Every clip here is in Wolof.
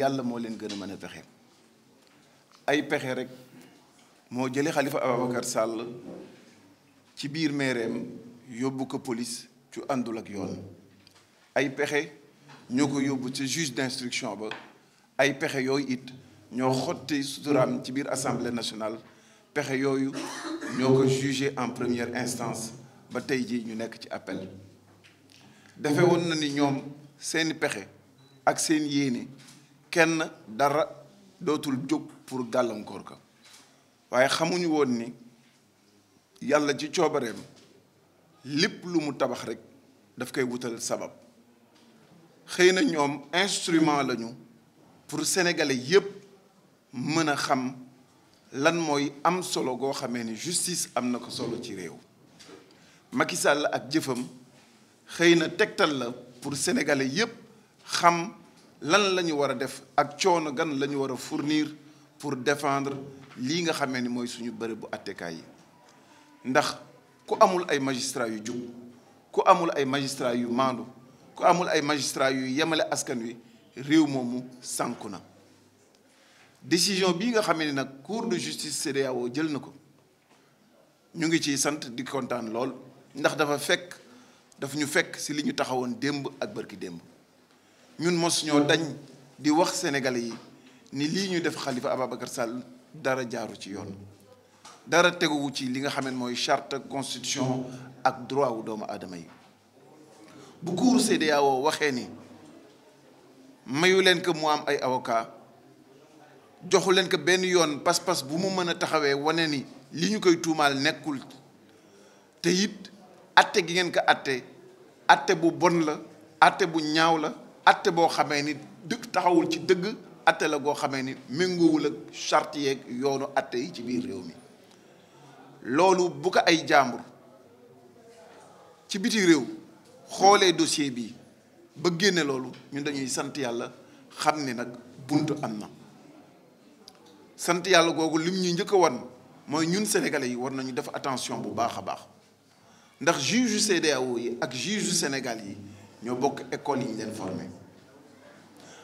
yalla mo leen gëna mëna mën ay pexé rek moo jële Xalifa Ababacar Sall ci biir meereem yobbu ko police ci andul ak yoon ay pexé ñoo ko yóbbu ci juge d'instruction ba ay pexé yoy it ño xotti suturaam ci biir assemblée nationale pexé yooyu ñoo ko jugé en première instance ba tay ji ñu nekk ci appel defe won na ni ñom seen pexé ak seen yéene كن دار دوتول جوب فور غالون كوركا واي خاموني وون ني يالا جي تشوبريم ليب لو مو تابخ ريك دا فكاي ووتال سبب خينا نيوم انسترومون لا نيو فور سينيغالي ييب مانا خام لان موي ام سولو غو خامي ني جوستيس ام نكو سولو تي ريو ماكي سال اك جيفم خينا تكتال لا فور سينيغالي ييب خام lan la ñu war a def ak coono gan la ñu war a fournir pour defendre lii nga xame ni mooy suñu bërëb bu attekaay yi ndax ku amul ay magistrats yu jub ku amul ay magistrats yu maandu ku amul ay magistrats yu yemale askan wi réew moomu sànku na décision bii nga xamee ni nag cour de justice CEDEAO jël na ko ñu ngi ciy sant di kontaan lool ndax dafa fekk daf ñu fekk si li ñu taxawoon démb ak bërki démb ñun mos ñoo dañ di wax sénégalais yi ni lii ñu def xalifa Ababacar Sall dara jaaru ci yoon dara teguwu ci li nga xam ne mooy charte constitution ak droit wu doomu aadama yi bu kuur CEDEAO waxee ni mayu leen ko mu am ay avocat joxu leen ko benn yoon pas-pas bu mu mën a taxawee wane ni lii ñu koy tuumaal nekkul te it atte gi ngeen ko atte atte bu bon la atte bu ñaaw la atte boo xamee ni dëkk taxawul ci dëgg atte la goo xamee ni méngoowul ak charte yoonu atte yi ci biir réew mi loolu bu ko ay jàmbur ci biti réew xoolee dossier bi ba génne loolu ñun dañuy sant yàlla xam ni nag bunt am na sant yàlla googu lim ñuy njëkk a wan mooy ñun sénégalais yi war nañu def attention bu baax a baax ndax juge CEDEAO yi ak juge Sénégal yi ñoo bokk école yi ñu leen formé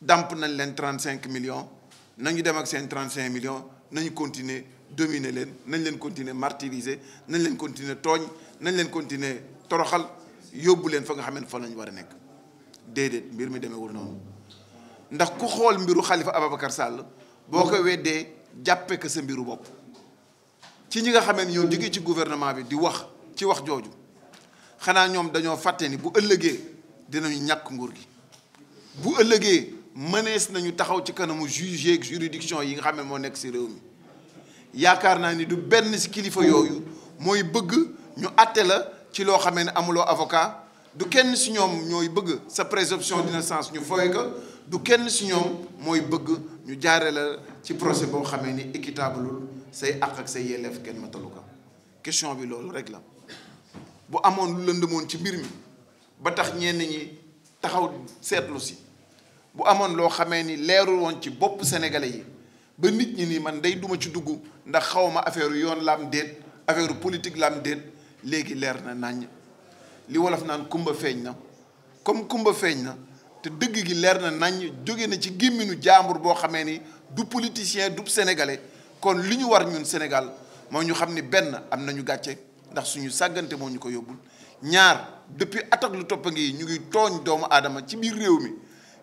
dàmp nañ leen trent cinq millions nañu dem ak seen trente cinq millions nañu continuer dominer leen nañ leen continuer martyriser nañ leen continuer tooñ nañ leen continuer toroxal yóbbu leen fa nga xam ne fa lañ war a nekk déedéet mbir mi demeewul noonu ndax ku xool mbiru Khalifa Ababacar Sall boo ko weddee jàppe ko sa mbiru bopp ci ñi nga xamee ñoo jóge ci gouvernement bi di wax ci wax jooju xanaa ñoom dañoo fàtte ni bu ëllëgee dinañu ñàkk nguur gi bu ëllëgee mënees nañu taxaw ci kanamu juge ak juridiction yi nga xamé mo nek ci si réew mi yaakaar naa ni du ben ci kilifa yoyu moy bëgg ñu atté la ci lo xamé ni amulo avocat du kenn ci ñom ñoy bëgg sa présomption d'innocence ñu foy ko du kenn ci ñom moy bëgg ñu jaare la ci procès bo xamé ni équitablul say ak ak say yelef kenn matalu ko question bi lool rek la bu amone lu lëndëmoon ci mbir mi ba tax ñen ñi taxaw seetlu si bu amoon loo xamee ni leerul woon ci bopp sénégalais yi ba nit ñi nii man dey duma ci dugg ndax xawma affaire yoon laam déet affaire politique laam déet léegi leer na nàññ li wolof naan kumba feeñ na comme kumba feeñ na te dëgg gi leer na naññ jóge na ci gémminu jaambur boo xamee ni du politicien du sénégalais kon li ñu war ñun Sénégal moo ñu xam ni benn am nañu gàcce ndax suñu sàggante moo ñu ko yóbbul ñaar depuis attaque lu toppa ngi ñu ngi tooñ doomu aadama ci biir réew mi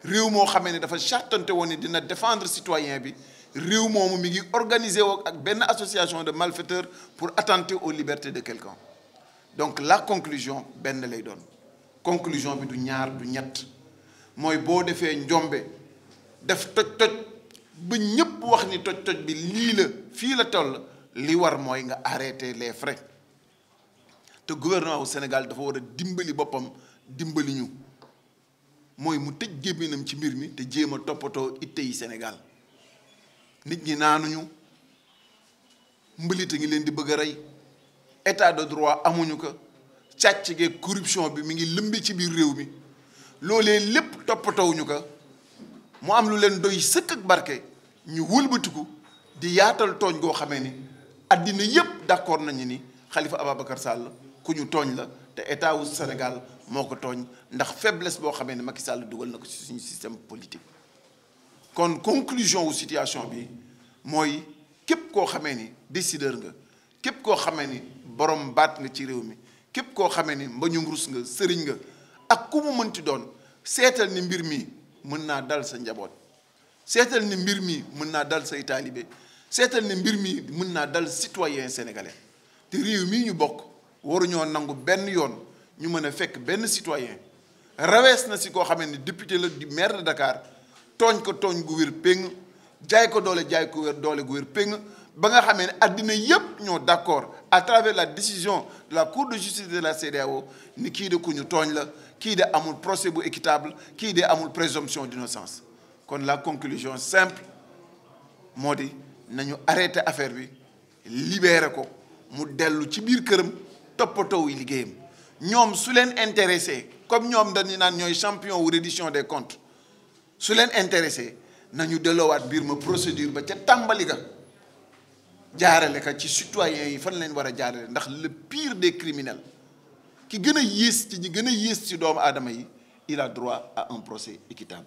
réew moo xamee ne dafa chartante woon ni dina défendre citoyen bi réew moomu mi ngi organiser woo ak benn association de malfaiteurs pour attenter aux libertés de quelqu'un donc la conclusion benn lay doon conclusion bi du ñaar du ñett mooy boo defee njombe def toj-toj ba ñëpp wax ni toj-toj bi lii la fii la toll li war mooy nga arrêter les frais te gouvernement au Sénégal dafa war a dimbali boppam dimbali ñu. mooy mu tëj gémmiñam ci mbir mi te jéem a toppatoo it tey Sénégal nit ñi naanuñu mbalit a ngi leen di bëgg a rey état de droit amuñu ko càcc geeg corruption bi mu ngi lëmbi ci biir réew mi loolee lépp toppatowuñu ko mu am lu leen doy sëkk ak barke ñu wëlbatiku di yaatal tooñ goo xame ni addina yépp d'accord nañu ni Khalifa Ababacar Sall ku ñu tooñ la te état wu Sénégal moo ko tooñ ndax faiblesse boo xamee ne Macky Sall dugal na ko ci suñu système politique. kon conclusion wu situation bi mooy képp koo xamee ni décideur nga képp koo xamee ni borom mbaat nga ci réew mi képp koo xamee ni mbañu rus nga sëriñ nga ak ku mu mënti doon seetal ni mbir mi mën naa dal sa njaboot seetal ni mbir mi mën naa dal say taalibe seetal ni mbir mi mën naa dal citoyen sénégalais te réew mii ñu bokk waruñoo nangu benn yoon. ñu mën a fekk benn citoyen rawees na si koo xamee ni député la di maire de Dakar tooñ ko tooñ gu wér péng jaay ko doole jaay ko wér doole gu wér péng ba nga xamee ne yépp ñoo d'accord à travers la décision de la cour de justice de la CEDEAO ni kii de ku ñu tooñ la kii de amul procès bu équitable kii de amul présomption d'innocence kon la conclusion simple modi di nañu arrêté affaire bi libéré ko mu dellu ci biir këram toppatoo wi liggéeyam ñom su leen intéressé comme ñoom dañu naan ñoy champion wu reddition des comptes su leen intéressé nañu delloowaat mbir ma procédure ba ca tàmbali ga jaarale ka ci citoyens yi fan leen wara jaarale ndax le pire des criminels ki gëna a ci ñi gëna a ci doom aadama yi il a droit à un procès équitable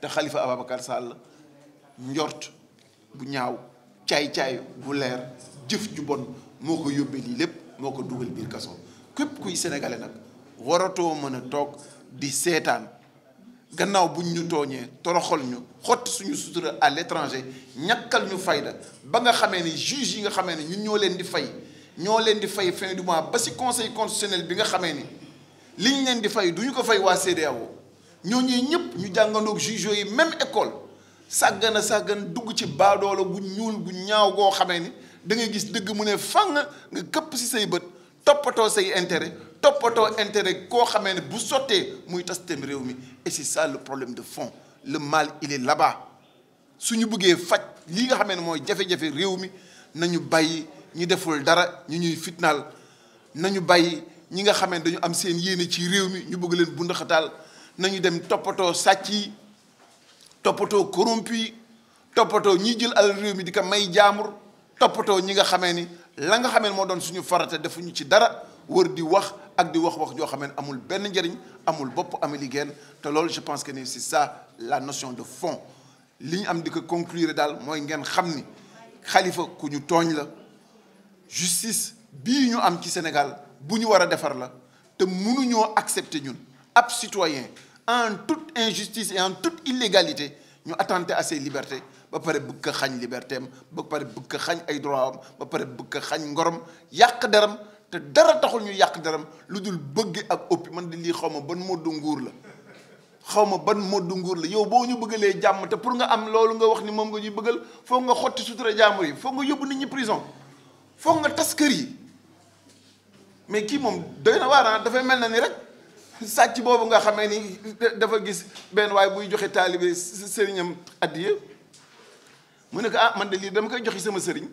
te Khalifa ababakar Sall ñort bu ñaaw caay-caay bu leer jëf ju bon moko ko yóbbee lii lépp biir képp kuy sénégalais nak waratoo mëna tok di seetaan gannaaw buñ ñu toñé toroxol ñu xott suñu sutura à l'étranger ñàkkal ñu fayda ba nga xamé ni juge yi nga xamé ni ñun ñoo leen di fay ñoo leen di fay fin du mois ba ci conseil constitutionnel bi nga xamé ni liñ leen di fay duñu ko fay wa CDAO CEDEAO ñooñu ñëpp ñu jàngandoog juge yi même école sàggana sàggan dugg ci baadoolo bu ñuul bu ñaaw goo xamee ni da ngay gis dëgg mu ne fang nga këpp ci say bët toppatoo say intérêt toppatoo intérêt ko xamee ne bu sottee muy tastem rewmi et c'est ça le problème de fond le mal il est là-bas Suñu ñu fajj li nga xamee moy jafé jafé rewmi nañu bayyi ñu deful dara ñu ñuy fitnal nañu bayyi ñi nga xamee dañu am seen yéene ci rewmi ñu bëgg leen bundaxataal nañu dem toppatoo sàcc yi corrompu yi ñi jël al rewmi di ka may jaamur toppatoo ñi nga xamee ni la nga xamee mo doon suñu farata defuñu ci dara wër di wax ak di wax wax jo amul benn amul bop ameli geen te je pense que c'est ça la notion de fond liñ am di ko conclure dal moy ngeen xamni Khalifa ku ñu togn la justice bi ñu am ci Sénégal bu ñu wara défar la te mënuñoo accepter ñun ab citoyen en toute injustice et en toute illégalité ñu attenter à ses libertés ba pare bugg ko xañ liberté am ba pare bugg ko xañ ay droit am ba pare bugg ka xañ ngorom yàq deram te dara taxul ñu yàq deram lu dul bëgg ak ëpp man di lii xaw ma ban moddu nguur la xaw ma ban moddu nguur la yow boo ñu bëggalee jàmm te pour nga am loolu nga wax ni moom nga ñuy bëggal foog nga xotti sutura jàmbur yi foog nga yóbbu nit ñi prison foog nga tas kër yi mais kii moom doy na waa naa ah, dafay mel na ni rek sàcc boobu nga xamee ni dafa gis benn waay buy joxe taalibe sëriñam addiya mu ne ah man de lii dama koy joxi sama sëriñ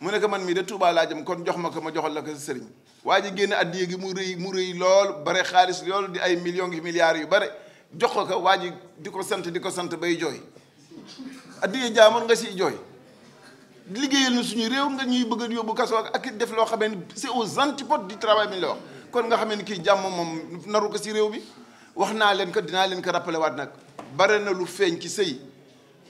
mu ne ko man mii de laa jëm kon jox ma ko ma joxal la ko sëriñ waa ji génn addiya gi mu rëy mu rëy lool bare xaalis lool di ay millions ngi milliards yu bare jox ko ko waa ji di ko sant di ko sant bay jooy addiya jaamoon nga si jooy liggéeyal na suñu réew nga ñuy bëgg a yóbbu kaso ak def loo xamee ni c'est aux antipodes du travail bi ñu la wax kon nga xamee ni kii jàmm moom naru ko si réew bi wax naa leen ko dinaa leen ko rappelé waat nag bare na lu feeñ ci sëy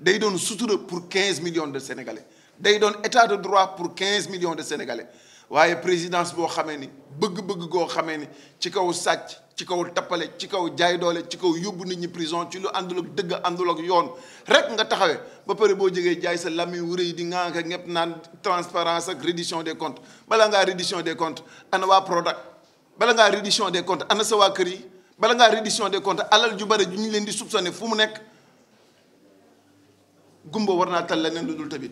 day doon sutura pour 15 millions de sénégalais day doon état de droit pour 15 millions de sénégalais waye présidence bo xamé ni bëgg-bëgg go xamé ni ci kaw sacc ci kaw tapalé ci kaw jaay doolé ci kaw yobbu nit ñi prison ci lu àndul ak dëgg àndul ak yoon rek nga taxawé ba paré bo jógee jaay sa lami wu rëy di ngaa ko ñep naan transparence ak reddition des comptes bala nga reddition des comptes ana wa product bala nga reddition des comptes ana sa waa kër yi bala nga reddition des comptes alal ju bari ju ñu leen di soupçonné fu mu nekk gumba war naa tal leneen lu dul tëbi